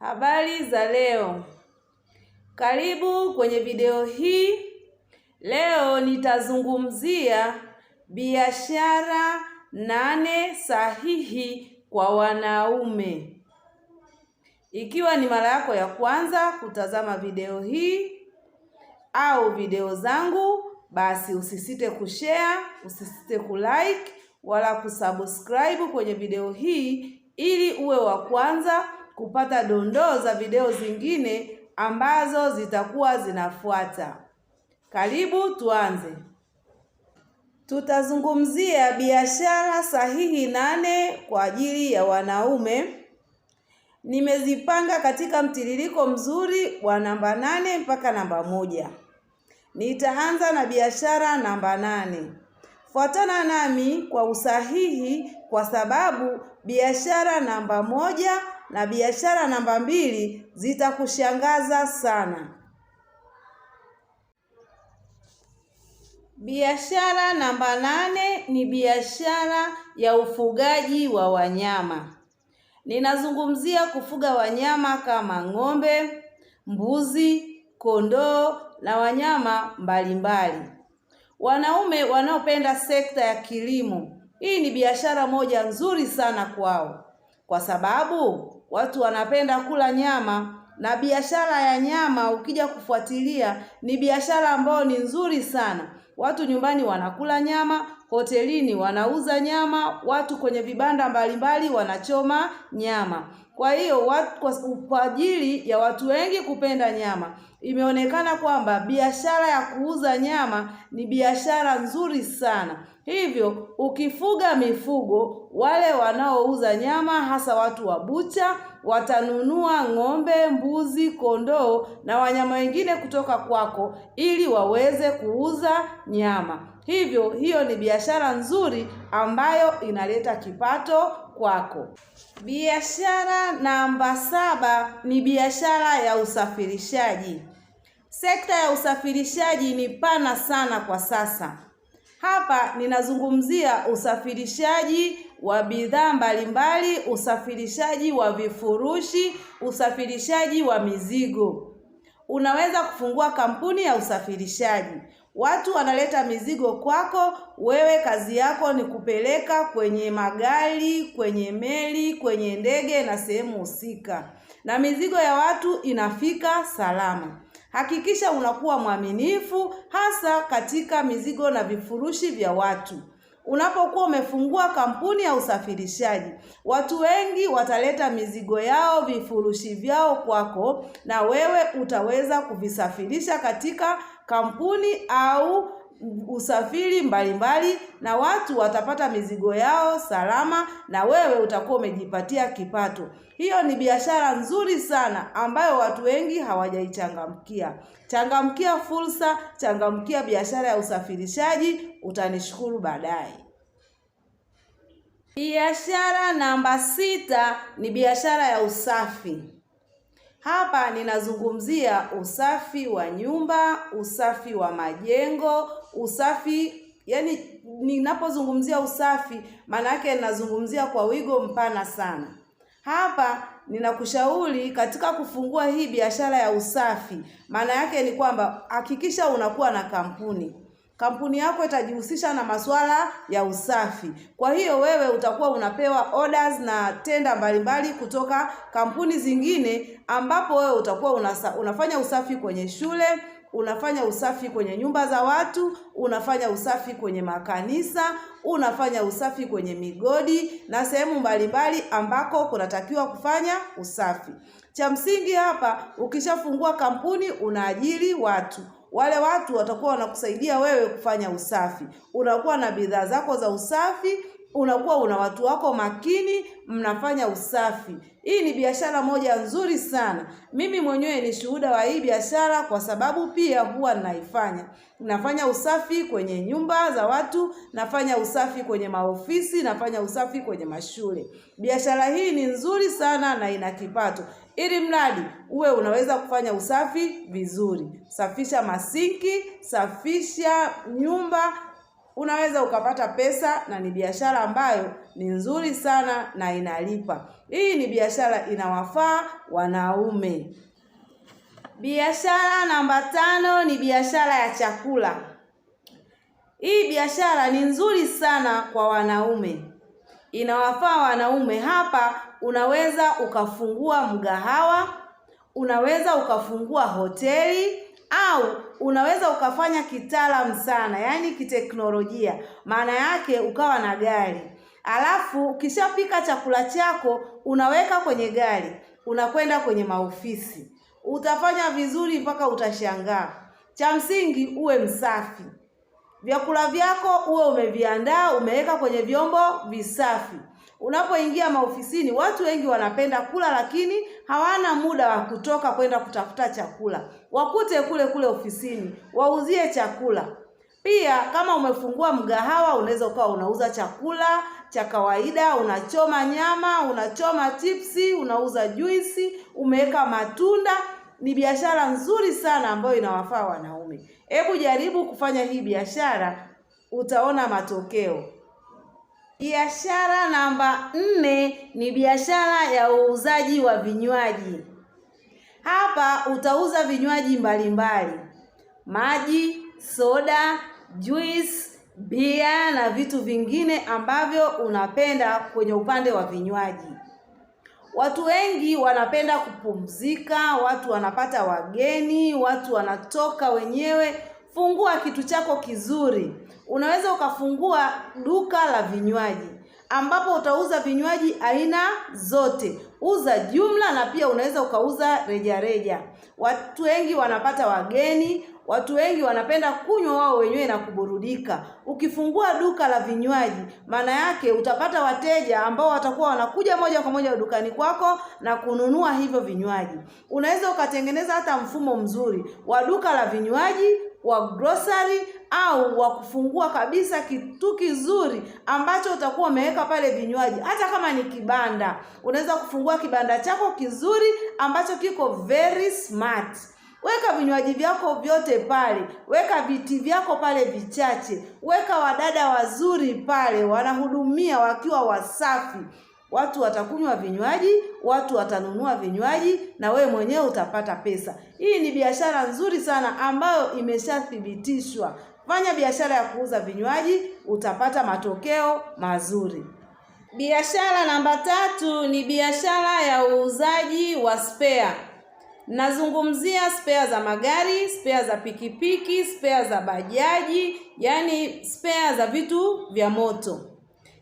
Habari za leo, karibu kwenye video hii. Leo nitazungumzia biashara nane sahihi kwa wanaume. Ikiwa ni mara yako ya kwanza kutazama video hii au video zangu, basi usisite kushare, usisite kulike wala kusubscribe kwenye video hii ili uwe wa kwanza kupata dondoo za video zingine ambazo zitakuwa zinafuata. Karibu tuanze. Tutazungumzia biashara sahihi nane kwa ajili ya wanaume. Nimezipanga katika mtiririko mzuri wa namba nane mpaka namba moja. Nitaanza na biashara namba nane. Fuatana nami kwa usahihi, kwa sababu biashara namba moja na biashara namba mbili zitakushangaza sana. Biashara namba nane ni biashara ya ufugaji wa wanyama. Ninazungumzia kufuga wanyama kama ng'ombe, mbuzi, kondoo na wanyama mbalimbali. Wanaume wanaopenda sekta ya kilimo, hii ni biashara moja nzuri sana kwao, kwa sababu watu wanapenda kula nyama na biashara ya nyama ukija kufuatilia ni biashara ambayo ni nzuri sana. Watu nyumbani wanakula nyama, hotelini wanauza nyama, watu kwenye vibanda mbalimbali wanachoma nyama. Kwa hiyo wat, kwa ajili ya watu wengi kupenda nyama, imeonekana kwamba biashara ya kuuza nyama ni biashara nzuri sana. Hivyo ukifuga mifugo, wale wanaouza nyama, hasa watu wa bucha, watanunua ng'ombe, mbuzi, kondoo na wanyama wengine kutoka kwako ili waweze kuuza nyama. Hivyo hiyo ni biashara nzuri ambayo inaleta kipato kwako. Biashara namba saba ni biashara ya usafirishaji. Sekta ya usafirishaji ni pana sana kwa sasa. Hapa ninazungumzia usafirishaji wa bidhaa mbalimbali, usafirishaji wa vifurushi, usafirishaji wa mizigo. Unaweza kufungua kampuni ya usafirishaji. Watu wanaleta mizigo kwako, wewe kazi yako ni kupeleka kwenye magari, kwenye meli, kwenye ndege na sehemu husika, na mizigo ya watu inafika salama. Hakikisha unakuwa mwaminifu hasa katika mizigo na vifurushi vya watu unapokuwa umefungua kampuni ya usafirishaji, watu wengi wataleta mizigo yao, vifurushi vyao kwako, na wewe utaweza kuvisafirisha katika kampuni au usafiri mbalimbali mbali, na watu watapata mizigo yao salama na wewe utakuwa umejipatia kipato. Hiyo ni biashara nzuri sana ambayo watu wengi hawajaichangamkia. Changamkia fursa, changamkia biashara ya usafirishaji, utanishukuru baadaye. Biashara namba sita ni biashara ya usafi. Hapa ninazungumzia usafi wa nyumba, usafi wa majengo, usafi yani, ninapozungumzia usafi maana yake ninazungumzia kwa wigo mpana sana. Hapa ninakushauri katika kufungua hii biashara ya usafi, maana yake ni kwamba hakikisha unakuwa na kampuni kampuni yako itajihusisha na masuala ya usafi. Kwa hiyo wewe utakuwa unapewa orders na tenda mbalimbali kutoka kampuni zingine, ambapo wewe utakuwa unasa, unafanya usafi kwenye shule unafanya usafi kwenye nyumba za watu, unafanya usafi kwenye makanisa, unafanya usafi kwenye migodi na sehemu mbalimbali ambako kunatakiwa kufanya usafi. Cha msingi hapa, ukishafungua kampuni unaajiri watu wale watu watakuwa wanakusaidia wewe kufanya usafi. Unakuwa na bidhaa zako za usafi, unakuwa una watu wako makini, mnafanya usafi. Hii ni biashara moja nzuri sana. Mimi mwenyewe ni shuhuda wa hii biashara, kwa sababu pia huwa naifanya Nafanya usafi kwenye nyumba za watu, nafanya usafi kwenye maofisi, nafanya usafi kwenye mashule. Biashara hii ni nzuri sana na ina kipato, ili mradi uwe unaweza kufanya usafi vizuri. Safisha masinki, safisha nyumba unaweza ukapata pesa, na ni biashara ambayo ni nzuri sana na inalipa. Hii ni biashara inawafaa wanaume. Biashara namba tano ni biashara ya chakula. Hii biashara ni nzuri sana kwa wanaume, inawafaa wanaume. Hapa unaweza ukafungua mgahawa, unaweza ukafungua hoteli au unaweza ukafanya kitaalamu sana, yaani kiteknolojia, maana yake ukawa na gari alafu ukishapika chakula chako unaweka kwenye gari, unakwenda kwenye maofisi, utafanya vizuri mpaka utashangaa. Cha msingi uwe msafi, vyakula vyako uwe umeviandaa, umeweka kwenye vyombo visafi. Unapoingia maofisini, watu wengi wanapenda kula, lakini hawana muda wa kutoka kwenda kutafuta chakula. Wakute kule kule ofisini, wauzie chakula. Pia kama umefungua mgahawa, unaweza ukawa unauza chakula cha kawaida, unachoma nyama, unachoma chipsi, unauza juisi, umeweka matunda. Ni biashara nzuri sana ambayo inawafaa wanaume. Hebu jaribu kufanya hii biashara, utaona matokeo. Biashara namba nne ni biashara ya uuzaji wa vinywaji. Hapa utauza vinywaji mbalimbali, maji, soda, juice, bia na vitu vingine ambavyo unapenda kwenye upande wa vinywaji. Watu wengi wanapenda kupumzika, watu wanapata wageni, watu wanatoka wenyewe fungua kitu chako kizuri. Unaweza ukafungua duka la vinywaji ambapo utauza vinywaji aina zote, uza jumla na pia unaweza ukauza rejareja. Watu wengi wanapata wageni, watu wengi wanapenda kunywa wao wenyewe na kuburudika. Ukifungua duka la vinywaji, maana yake utapata wateja ambao watakuwa wanakuja moja kwa moja dukani kwako na kununua hivyo vinywaji. Unaweza ukatengeneza hata mfumo mzuri wa duka la vinywaji wa grocery au wa kufungua kabisa kitu kizuri ambacho utakuwa umeweka pale vinywaji. Hata kama ni kibanda, unaweza kufungua kibanda chako kizuri ambacho kiko very smart. Weka vinywaji vyako vyote pale, weka viti vyako pale vichache, weka wadada wazuri pale wanahudumia wakiwa wasafi watu watakunywa vinywaji, watu watanunua vinywaji, na wewe mwenyewe utapata pesa. Hii ni biashara nzuri sana ambayo imeshathibitishwa. Fanya biashara ya kuuza vinywaji, utapata matokeo mazuri. Biashara namba tatu ni biashara ya uuzaji wa spea. Nazungumzia spea za magari, spea za pikipiki, spea za bajaji, yaani spea za vitu vya moto.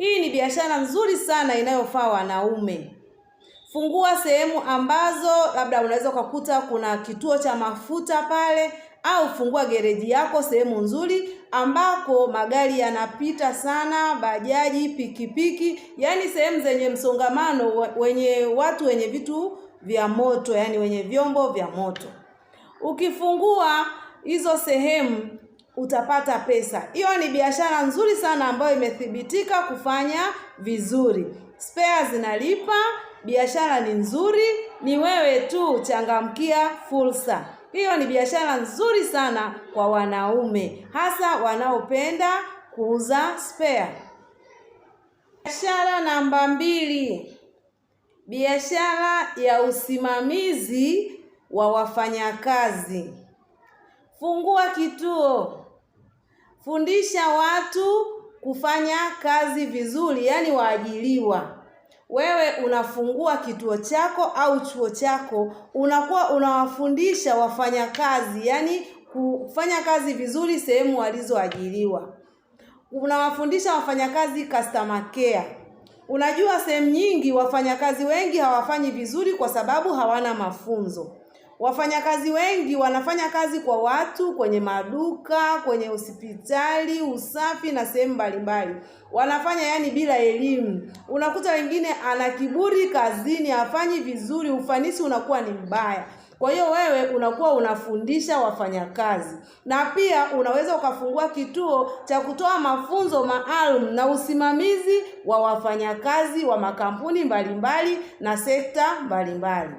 Hii ni biashara nzuri sana inayofaa wanaume. Fungua sehemu ambazo labda unaweza ukakuta kuna kituo cha mafuta pale, au fungua gereji yako sehemu nzuri ambako magari yanapita sana, bajaji, pikipiki, yaani sehemu zenye msongamano, wenye watu wenye vitu vya moto, yaani wenye vyombo vya moto. Ukifungua hizo sehemu utapata pesa. Hiyo ni biashara nzuri sana ambayo imethibitika kufanya vizuri. Spare zinalipa, biashara ni nzuri, ni wewe tu changamkia fursa. Hiyo ni biashara nzuri sana kwa wanaume, hasa wanaopenda kuuza spare. Biashara namba mbili, biashara ya usimamizi wa wafanyakazi. Fungua kituo fundisha watu kufanya kazi vizuri, yaani waajiriwa. Wewe unafungua kituo chako au chuo chako, unakuwa unawafundisha wafanyakazi, yaani kufanya kazi vizuri sehemu walizoajiriwa. Unawafundisha wafanyakazi customer care. Unajua sehemu nyingi wafanyakazi wengi hawafanyi vizuri kwa sababu hawana mafunzo. Wafanyakazi wengi wanafanya kazi kwa watu, kwenye maduka, kwenye hospitali, usafi na sehemu mbalimbali, wanafanya yani bila elimu. Unakuta wengine ana kiburi kazini, hafanyi vizuri, ufanisi unakuwa ni mbaya. Kwa hiyo wewe unakuwa unafundisha wafanyakazi, na pia unaweza ukafungua kituo cha kutoa mafunzo maalum na usimamizi wa wafanyakazi wa makampuni mbalimbali na sekta mbalimbali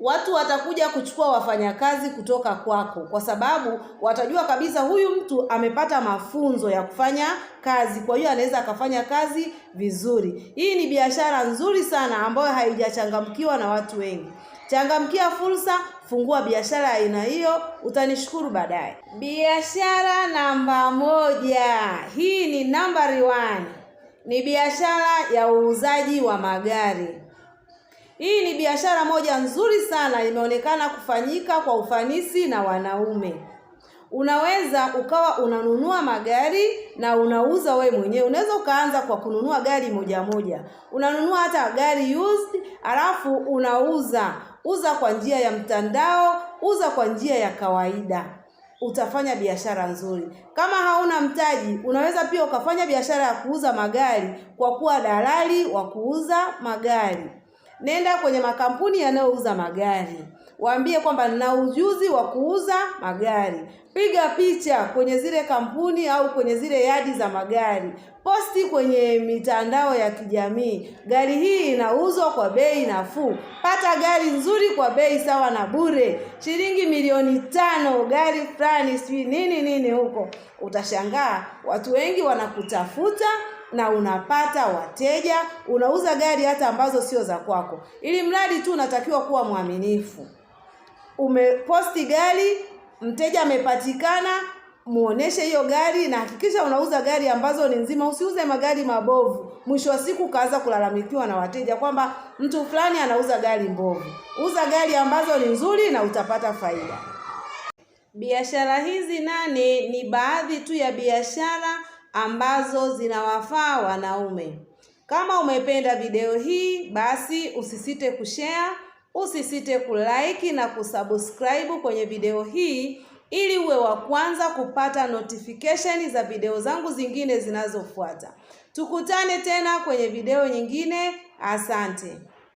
watu watakuja kuchukua wafanyakazi kutoka kwako, kwa sababu watajua kabisa huyu mtu amepata mafunzo ya kufanya kazi, kwa hiyo anaweza akafanya kazi vizuri. Hii ni biashara nzuri sana ambayo haijachangamkiwa na watu wengi. Changamkia fursa, fungua biashara ya aina hiyo, utanishukuru baadaye. Biashara namba moja, hii ni number one, ni biashara ya uuzaji wa magari. Hii ni biashara moja nzuri sana, imeonekana kufanyika kwa ufanisi na wanaume. Unaweza ukawa unanunua magari na unauza wewe mwenyewe. Unaweza ukaanza kwa kununua gari moja moja, unanunua hata gari used, alafu unauza. Uza kwa njia ya mtandao, uza kwa njia ya kawaida, utafanya biashara nzuri. Kama hauna mtaji, unaweza pia ukafanya biashara ya kuuza magari, kwa kuwa dalali wa kuuza magari nenda kwenye makampuni yanayouza magari, waambie kwamba nina ujuzi wa kuuza magari. Piga picha kwenye zile kampuni au kwenye zile yadi za magari, posti kwenye mitandao ya kijamii, gari hii inauzwa kwa bei nafuu, pata gari nzuri kwa bei sawa na bure, shilingi milioni tano, gari fulani sijui nini nini huko. Utashangaa watu wengi wanakutafuta na unapata wateja, unauza gari hata ambazo sio za kwako, ili mradi tu unatakiwa kuwa mwaminifu. Umeposti gari, mteja amepatikana, muoneshe hiyo gari na hakikisha unauza gari ambazo ni nzima. Usiuze magari mabovu, mwisho wa siku ukaanza kulalamikiwa na wateja kwamba mtu fulani anauza gari mbovu. Uza gari ambazo ni nzuri na utapata faida. Biashara hizi nane ni baadhi tu ya biashara ambazo zinawafaa wanaume. Kama umependa video hii, basi usisite kushare, usisite kulike na kusubscribe kwenye video hii ili uwe wa kwanza kupata notification za video zangu zingine zinazofuata. Tukutane tena kwenye video nyingine. Asante.